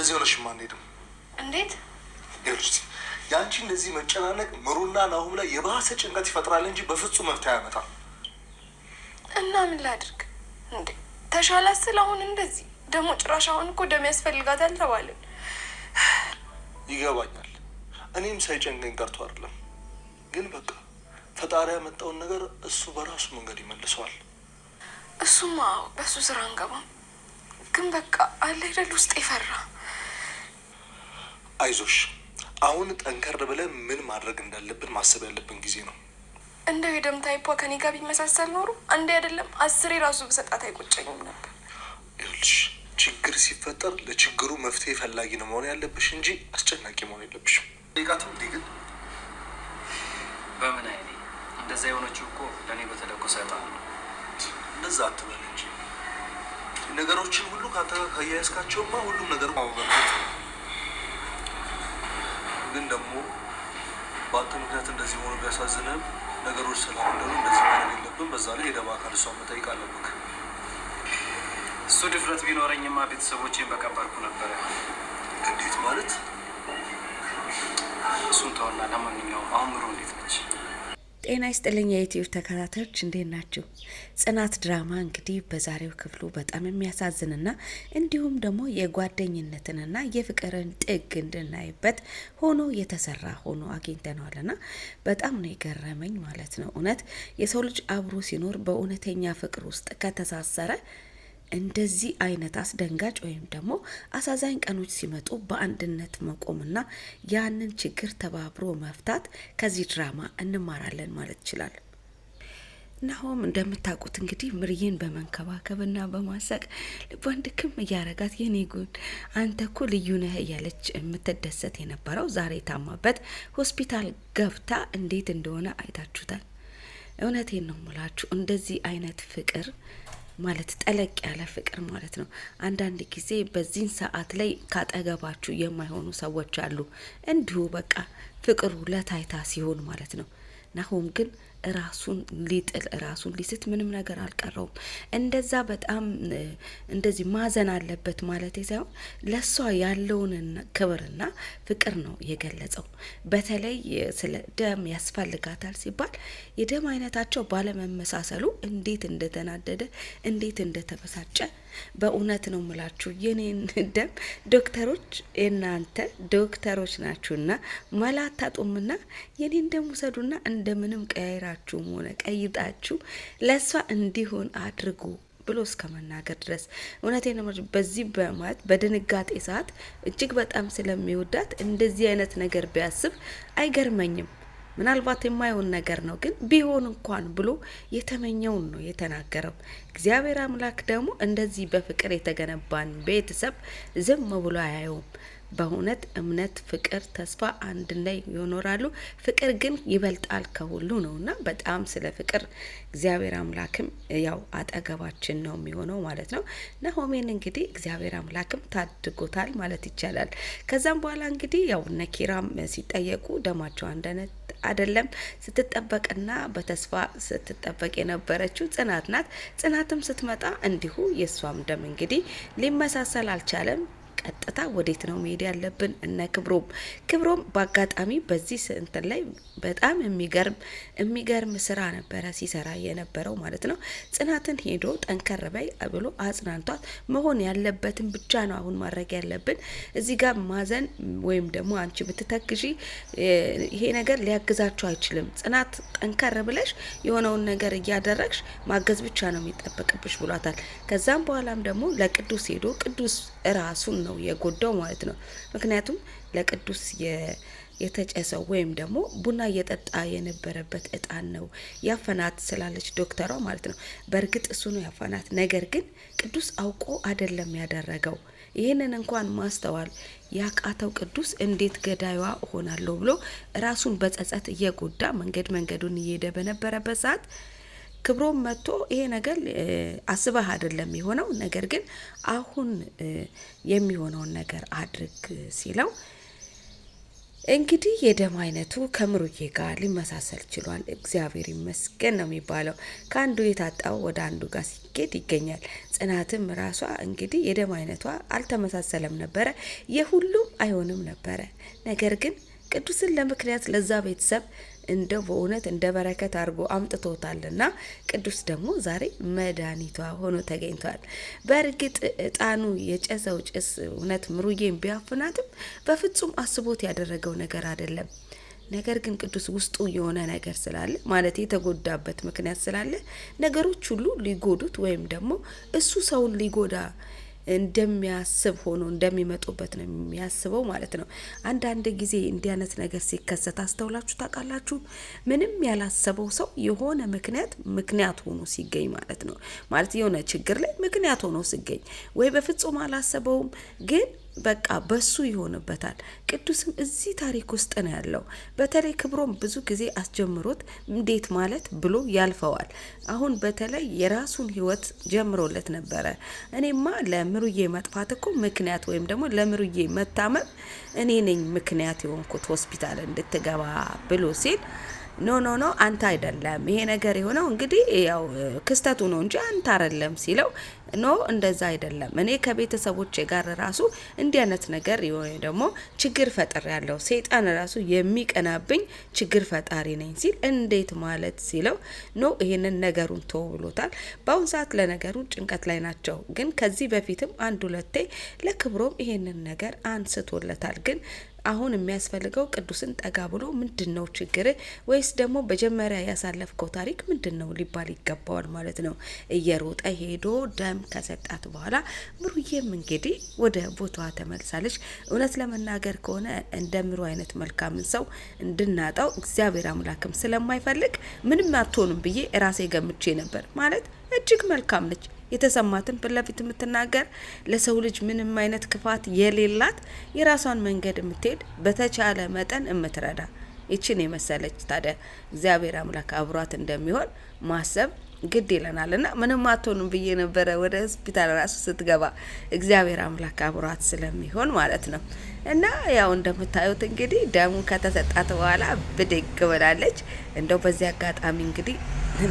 እንደዚህ ሆነሽማ አንሄድም። እንዴት ይኸውልሽ፣ ያንቺ እንደዚህ መጨናነቅ ምሩና ናሁም ላይ የባሰ ጭንቀት ይፈጥራል እንጂ በፍጹም መፍትሄ አያመጣም። እና ምን ላድርግ እንዴ? ተሻላት ስል አሁን እንደዚህ ደግሞ ጭራሽ አሁን እኮ ደም ያስፈልጋታል ተባልን። ይገባኛል። እኔም ሳይጨንገኝ ቀርቶ አይደለም፣ ግን በቃ ፈጣሪ ያመጣውን ነገር እሱ በራሱ መንገድ ይመልሰዋል። እሱማ በሱ ስራ አንገባም፣ ግን በቃ አለ አይደል ውስጥ ይፈራ አይዞሽ፣ አሁን ጠንከር ብለን ምን ማድረግ እንዳለብን ማሰብ ያለብን ጊዜ ነው። እንደው የደም ታይፖ ከኔ ጋር ቢመሳሰል ኖሩ አንዴ አይደለም አስሬ ራሱ ብሰጣት አይቆጨኝም ነበር። ይኸውልሽ ችግር ሲፈጠር ለችግሩ መፍትሄ ፈላጊ ነው መሆን ያለብሽ እንጂ አስጨናቂ መሆን የለብሽም። ሊቃቱ እንዲ ግን በምን አይኔ እንደዛ የሆነችው እኮ ለእኔ በተለኮሰ ጣ እንደዛ አትበል እንጂ ነገሮችን ሁሉ ከያያዝካቸውማ ሁሉም ነገር ግን ደግሞ በአንተ ምክንያት እንደዚህ ሆኖ ቢያሳዝንም ነገሮች ሰላም እንደዚህ ማድረግ የለብን። በዛ ላይ ሄደህ በአካል እሷን መጠየቅ አለብህ። እሱ ድፍረት ቢኖረኝማ ቤተሰቦቼን በቀበርኩ ነበረ። እንዴት ማለት? እሱን ተውና፣ ለማንኛውም አእምሮ እንዴት ነች? ጤና ይስጥልኝ የዩትዩብ ተከታታዮች እንዴት ናችሁ? ጽናት ድራማ እንግዲህ በዛሬው ክፍሉ በጣም የሚያሳዝንና እንዲሁም ደግሞ የጓደኝነትንና የፍቅርን ጥግ እንድናይበት ሆኖ የተሰራ ሆኖ አግኝተነዋልና በጣም ነው የገረመኝ ማለት ነው። እውነት የሰው ልጅ አብሮ ሲኖር በእውነተኛ ፍቅር ውስጥ ከተሳሰረ እንደዚህ አይነት አስደንጋጭ ወይም ደግሞ አሳዛኝ ቀኖች ሲመጡ በአንድነት መቆምና ያንን ችግር ተባብሮ መፍታት ከዚህ ድራማ እንማራለን ማለት ይችላል። ናሆም እንደምታውቁት እንግዲህ ምርዬን በመንከባከብና በማሳቅ ልቧን ድክም እያረጋት የኔ ጉድ አንተ እኮ ልዩ ነህ እያለች የምትደሰት የነበረው ዛሬ ታማበት ሆስፒታል ገብታ እንዴት እንደሆነ አይታችሁታል። እውነቴን ነው ሙላችሁ እንደዚህ አይነት ፍቅር ማለት ጠለቅ ያለ ፍቅር ማለት ነው። አንዳንድ ጊዜ በዚህን ሰዓት ላይ ካጠገባችሁ የማይሆኑ ሰዎች አሉ፣ እንዲሁ በቃ ፍቅሩ ለታይታ ሲሆን ማለት ነው። ናሆም ግን ራሱን ሊጥል ራሱን ሊስት ምንም ነገር አልቀረውም። እንደዛ በጣም እንደዚህ ማዘን አለበት ማለት ሳይሆን ለሷ ያለውን ክብርና ፍቅር ነው የገለጸው። በተለይ ስለ ደም ያስፈልጋታል ሲባል የደም አይነታቸው ባለመመሳሰሉ እንዴት እንደተናደደ እንዴት እንደተበሳጨ በእውነት ነው ምላችሁ የኔን ደም ዶክተሮች የእናንተ ዶክተሮች ናችሁና መላ አታጡምና የኔን ደም ውሰዱና እንደምንም ቀያይራችሁም ሆነ ቀይጣችሁ ለእሷ እንዲሆን አድርጉ ብሎ እስከ መናገር ድረስ እውነቴ ነው። በዚህ በማለት በድንጋጤ ሰዓት እጅግ በጣም ስለሚወዳት እንደዚህ አይነት ነገር ቢያስብ አይገርመኝም። ምናልባት የማይሆን ነገር ነው፣ ግን ቢሆን እንኳን ብሎ የተመኘውን ነው የተናገረው። እግዚአብሔር አምላክ ደግሞ እንደዚህ በፍቅር የተገነባን ቤተሰብ ዝም ብሎ አያየውም። በእውነት እምነት፣ ፍቅር፣ ተስፋ አንድ ላይ ይኖራሉ። ፍቅር ግን ይበልጣል ከሁሉ ነው እና በጣም ስለ ፍቅር እግዚአብሔር አምላክም ያው አጠገባችን ነው የሚሆነው ማለት ነው። ናሆሜን እንግዲህ እግዚአብሔር አምላክም ታድጎታል ማለት ይቻላል። ከዛም በኋላ እንግዲህ ያው ነኪራም ሲጠየቁ ደማቸው አንድ አይነት አይደለም ስትጠበቅና በተስፋ ስትጠበቅ የነበረችው ጽናት ናት። ጽናትም ስትመጣ እንዲሁ የእሷም ደም እንግዲህ ሊመሳሰል አልቻለም። ቀጥታ ወዴት ነው መሄድ ያለብን? እነ ክብሮም ክብሮም በአጋጣሚ በዚህ እንትን ላይ በጣም የሚገርም የሚገርም ስራ ነበረ ሲሰራ የነበረው ማለት ነው። ጽናትን ሄዶ ጠንከር በይ ብሎ አጽናንቷት መሆን ያለበትን ብቻ ነው አሁን ማድረግ ያለብን። እዚህ ጋር ማዘን ወይም ደግሞ አንቺ ብትተግዢ ይሄ ነገር ሊያግዛቸው አይችልም። ጽናት ጠንከር ብለሽ የሆነውን ነገር እያደረግሽ ማገዝ ብቻ ነው የሚጠበቅብሽ ብሏታል። ከዛም በኋላም ደግሞ ለቅዱስ ሄዶ ቅዱስ ራሱን ነው ነው የጎዳው ማለት ነው። ምክንያቱም ለቅዱስ የተጨሰው ወይም ደግሞ ቡና እየጠጣ የነበረበት እጣን ነው ያፈናት ስላለች ዶክተሯ ማለት ነው። በእርግጥ እሱ ነው ያፈናት። ነገር ግን ቅዱስ አውቆ አይደለም ያደረገው። ይህንን እንኳን ማስተዋል ያቃተው ቅዱስ እንዴት ገዳይዋ እሆናለሁ ብሎ ራሱን በጸጸት እየጎዳ መንገድ መንገዱን እየሄደ በነበረበት ሰዓት ክብሮም መጥቶ ይሄ ነገር አስበህ አይደለም የሆነው፣ ነገር ግን አሁን የሚሆነውን ነገር አድርግ ሲለው እንግዲህ የደም አይነቱ ከምሩዬ ጋር ሊመሳሰል ችሏል። እግዚአብሔር ይመስገን ነው የሚባለው። ከአንዱ የታጣው ወደ አንዱ ጋር ሲኬድ ይገኛል። ጽናትም ራሷ እንግዲህ የደም አይነቷ አልተመሳሰለም ነበረ፣ የሁሉም አይሆንም ነበረ። ነገር ግን ቅዱስን ለምክንያት ለዛ ቤተሰብ እንደ በእውነት እንደ በረከት አድርጎ አምጥቶታልና ቅዱስ ደግሞ ዛሬ መድኃኒቷ ሆኖ ተገኝቷል። በእርግጥ እጣኑ የጨሰው ጭስ እውነት ምሩዬን ቢያፍናትም በፍጹም አስቦት ያደረገው ነገር አይደለም። ነገር ግን ቅዱስ ውስጡ የሆነ ነገር ስላለ ማለት የተጎዳበት ምክንያት ስላለ ነገሮች ሁሉ ሊጎዱት ወይም ደግሞ እሱ ሰውን ሊጎዳ እንደሚያስብ ሆኖ እንደሚመጡበት ነው የሚያስበው ማለት ነው። አንዳንድ ጊዜ እንዲህ አይነት ነገር ሲከሰት አስተውላችሁ ታውቃላችሁ? ምንም ያላሰበው ሰው የሆነ ምክንያት ምክንያት ሆኖ ሲገኝ ማለት ነው። ማለት የሆነ ችግር ላይ ምክንያት ሆኖ ሲገኝ ወይ በፍጹም አላሰበውም ግን በቃ በሱ ይሆንበታል። ቅዱስም እዚህ ታሪክ ውስጥ ነው ያለው። በተለይ ክብሮም ብዙ ጊዜ አስጀምሮት እንዴት ማለት ብሎ ያልፈዋል። አሁን በተለይ የራሱን ህይወት ጀምሮለት ነበረ። እኔማ ለምሩዬ መጥፋት እኮ ምክንያት ወይም ደግሞ ለምሩዬ መታመም እኔ ነኝ ምክንያት የሆንኩት ሆስፒታል እንድትገባ ብሎ ሲል ኖ ኖ ኖ አንተ አይደለም ይሄ ነገር የሆነው እንግዲህ ያው ክስተቱ ነው እንጂ አንተ አይደለም ሲለው ኖ እንደዛ አይደለም። እኔ ከቤተሰቦቼ ጋር ራሱ እንዲህ አይነት ነገር የሆነ ደግሞ ችግር ፈጠር ያለው ሰይጣን ራሱ የሚቀናብኝ ችግር ፈጣሪ ነኝ ሲል እንዴት ማለት ሲለው ኖ ይሄንን ነገሩን ተው ብሎታል። በአሁን ሰዓት ለነገሩ ጭንቀት ላይ ናቸው። ግን ከዚህ በፊትም አንድ ሁለቴ ለክብሮም ይሄንን ነገር አንስቶለታል ግን አሁን የሚያስፈልገው ቅዱስን ጠጋ ብሎ ምንድን ነው ችግር ወይስ ደግሞ መጀመሪያ ያሳለፍከው ታሪክ ምንድን ነው ሊባል ይገባዋል ማለት ነው። እየሮጠ ሄዶ ደም ከሰጣት በኋላ ምሩዬም እንግዲህ ወደ ቦታዋ ተመልሳለች። እውነት ለመናገር ከሆነ እንደ ምሩ አይነት መልካምን ሰው እንድናጣው እግዚአብሔር አምላክም ስለማይፈልግ ምንም አትሆንም ብዬ ራሴ ገምቼ ነበር። ማለት እጅግ መልካም ነች። የተሰማትን ፊት ለፊት የምትናገር ለሰው ልጅ ምንም አይነት ክፋት የሌላት የራሷን መንገድ የምትሄድ በተቻለ መጠን የምትረዳ ይችን የመሰለች ታዲያ እግዚአብሔር አምላክ አብሯት እንደሚሆን ማሰብ ግድ ይለናል እና ምንም አትሆንም ብዬ ነበረ። ወደ ሆስፒታል ራሱ ስትገባ እግዚአብሔር አምላክ አብሯት ስለሚሆን ማለት ነው። እና ያው እንደምታዩት እንግዲህ ደሙ ከተሰጣት በኋላ ብድግ ብላለች። እንደው በዚህ አጋጣሚ እንግዲህ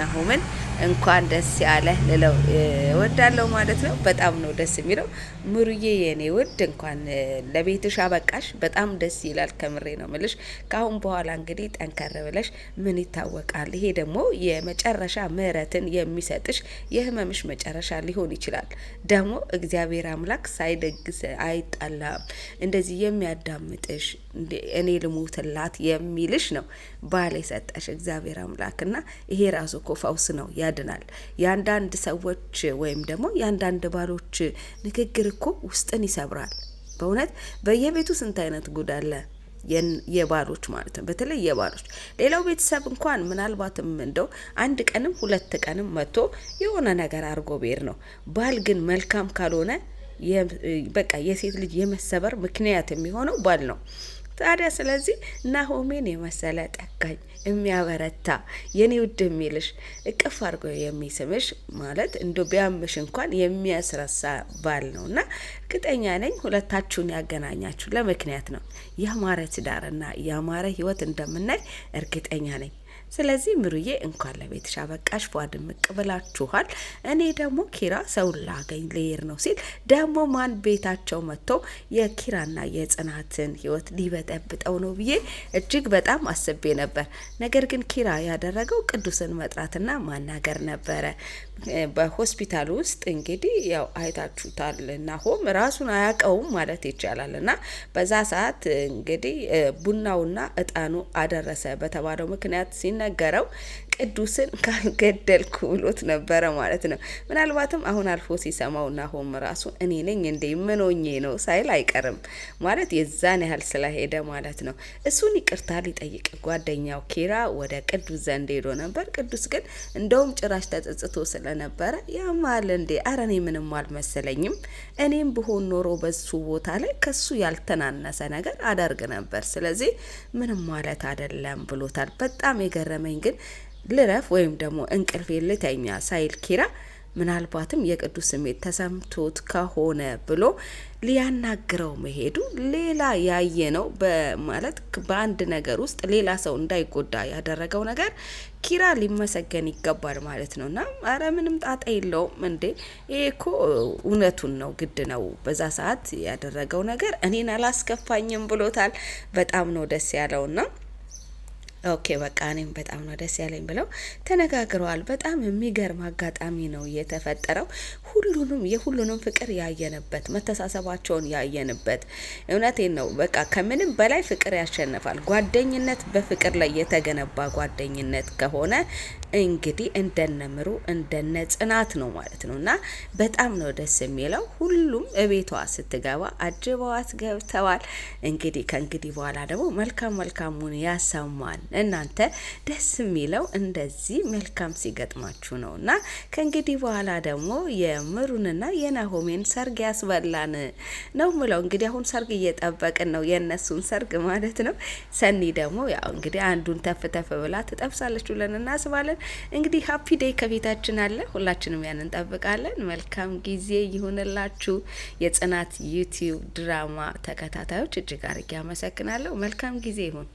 ናሆምን እንኳን ደስ ያለ ልለው እወዳለሁ ማለት ነው። በጣም ነው ደስ የሚለው ምሩዬ፣ የኔ ውድ እንኳን ለቤትሽ አበቃሽ። በጣም ደስ ይላል። ከምሬ ነው ምልሽ። ካሁን በኋላ እንግዲህ ጠንከር ብለሽ ምን ይታወቃል። ይሄ ደግሞ የመጨረሻ ምህረትን የሚሰጥሽ የህመምሽ መጨረሻ ሊሆን ይችላል። ደግሞ እግዚአብሔር አምላክ ሳይደግስ አይጣላም። እንደዚህ የሚያዳምጥሽ እኔ ልሙትላት የሚልሽ ነው ባል የሰጠሽ እግዚአብሔር አምላክና ይሄ ራሱ እኮ ፈውስ ነው። ያድናል። የአንዳንድ ሰዎች ወይም ደግሞ የአንዳንድ ባሎች ንግግር እኮ ውስጥን ይሰብራል። በእውነት በየቤቱ ስንት አይነት ጉድ አለ። የባሎች ማለት ነው። በተለይ የባሎች ሌላው ቤተሰብ እንኳን ምናልባትም እንደው አንድ ቀንም ሁለት ቀንም መጥቶ የሆነ ነገር አድርጎ ብሄር ነው። ባል ግን መልካም ካልሆነ በቃ የሴት ልጅ የመሰበር ምክንያት የሚሆነው ባል ነው። ታዲያ ስለዚህ ናሆሜን የመሰለ የሚያጋኝ የሚያበረታ የኔ ውድ የሚልሽ እቅፍ አድርጎ የሚስምሽ ማለት እንዶ ቢያምሽ እንኳን የሚያስረሳ ባል ነው እና እርግጠኛ ነኝ ሁለታችሁን ያገናኛችሁ ለምክንያት ነው። ያማረ ትዳርና ያማረ ህይወት እንደምናይ እርግጠኛ ነኝ። ስለዚህ ምሩዬ እንኳን ለቤትሽ አበቃሽ ፏ ድምቅ ብላችኋል። እኔ ደግሞ ኪራ ሰውን ላገኝ ልሄድ ነው ሲል ደግሞ ማን ቤታቸው መጥቶ የኪራና የጽናትን ህይወት ሊበጠብጠው ነው ብዬ እጅግ በጣም አስቤ ነበር። ነገር ግን ኪራ ያደረገው ቅዱስን መጥራትና ማናገር ነበረ። በሆስፒታል ውስጥ እንግዲህ ያው አይታችሁታል እና ሆም ራሱን አያውቀውም ማለት ይቻላል። እና በዛ ሰዓት እንግዲህ ቡናውና እጣኑ አደረሰ በተባለው ምክንያት ሲነገረው ቅዱስን ካልገደልኩ ብሎት ነበረ ማለት ነው። ምናልባትም አሁን አልፎ ሲሰማው ናሆም ራሱ እኔ ነኝ እንደ ምኖኜ ነው ሳይል አይቀርም ማለት የዛን ያህል ስለሄደ ማለት ነው። እሱን ይቅርታ ሊጠይቅ ጓደኛው ኪራ ወደ ቅዱስ ዘንድ ሄዶ ነበር። ቅዱስ ግን እንደውም ጭራሽ ተጸጽቶ ስለነበረ ያማል እንዴ አረ እኔ ምንም አልመሰለኝም፣ እኔም ብሆን ኖሮ በሱ ቦታ ላይ ከሱ ያልተናነሰ ነገር አደርግ ነበር፣ ስለዚህ ምንም ማለት አይደለም ብሎታል። በጣም የገረመኝ ግን ልረፍ ወይም ደግሞ እንቅልፍ ልተኛ ሳይል ኪራ ምናልባትም የቅዱስ ስሜት ተሰምቶት ከሆነ ብሎ ሊያናግረው መሄዱ ሌላ ያየ ነው በማለት በአንድ ነገር ውስጥ ሌላ ሰው እንዳይጎዳ ያደረገው ነገር ኪራ ሊመሰገን ይገባል ማለት ነው። እና አረ ምንም ጣጣ የለውም እንዴ ይሄ እኮ እውነቱን ነው፣ ግድ ነው። በዛ ሰዓት ያደረገው ነገር እኔን አላስከፋኝም ብሎታል። በጣም ነው ደስ ያለውና ኦኬ በቃ እኔም በጣም ነው ደስ ያለኝ ብለው ተነጋግረዋል። በጣም የሚገርም አጋጣሚ ነው የተፈጠረው። ሁሉንም የሁሉንም ፍቅር ያየንበት፣ መተሳሰባቸውን ያየንበት። እውነቴን ነው በቃ ከምንም በላይ ፍቅር ያሸንፋል። ጓደኝነት በፍቅር ላይ የተገነባ ጓደኝነት ከሆነ እንግዲህ እንደነምሩ እንደነ ጽናት ነው ማለት ነው። እና በጣም ነው ደስ የሚለው። ሁሉም እቤቷ ስትገባ አጅበዋት ገብተዋል። እንግዲህ ከእንግዲህ በኋላ ደግሞ መልካም መልካሙን ያሰማል። እናንተ ደስ የሚለው እንደዚህ መልካም ሲገጥማችሁ ነው። እና ከእንግዲህ በኋላ ደግሞ የምሩንና የናሆሜን ሰርግ ያስበላን ነው ምለው። እንግዲህ አሁን ሰርግ እየጠበቅን ነው፣ የእነሱን ሰርግ ማለት ነው። ሰኒ ደግሞ ያው እንግዲህ አንዱን ተፍ ተፍ ብላ ትጠብሳለች ብለን እናስባለን። እንግዲህ ሀፒ ዴይ ከፊታችን አለ፣ ሁላችንም ያን እንጠብቃለን። መልካም ጊዜ ይሁንላችሁ። የጽናት ዩቲዩብ ድራማ ተከታታዮች እጅግ አርጌ አመሰግናለሁ። መልካም ጊዜ ይሁን።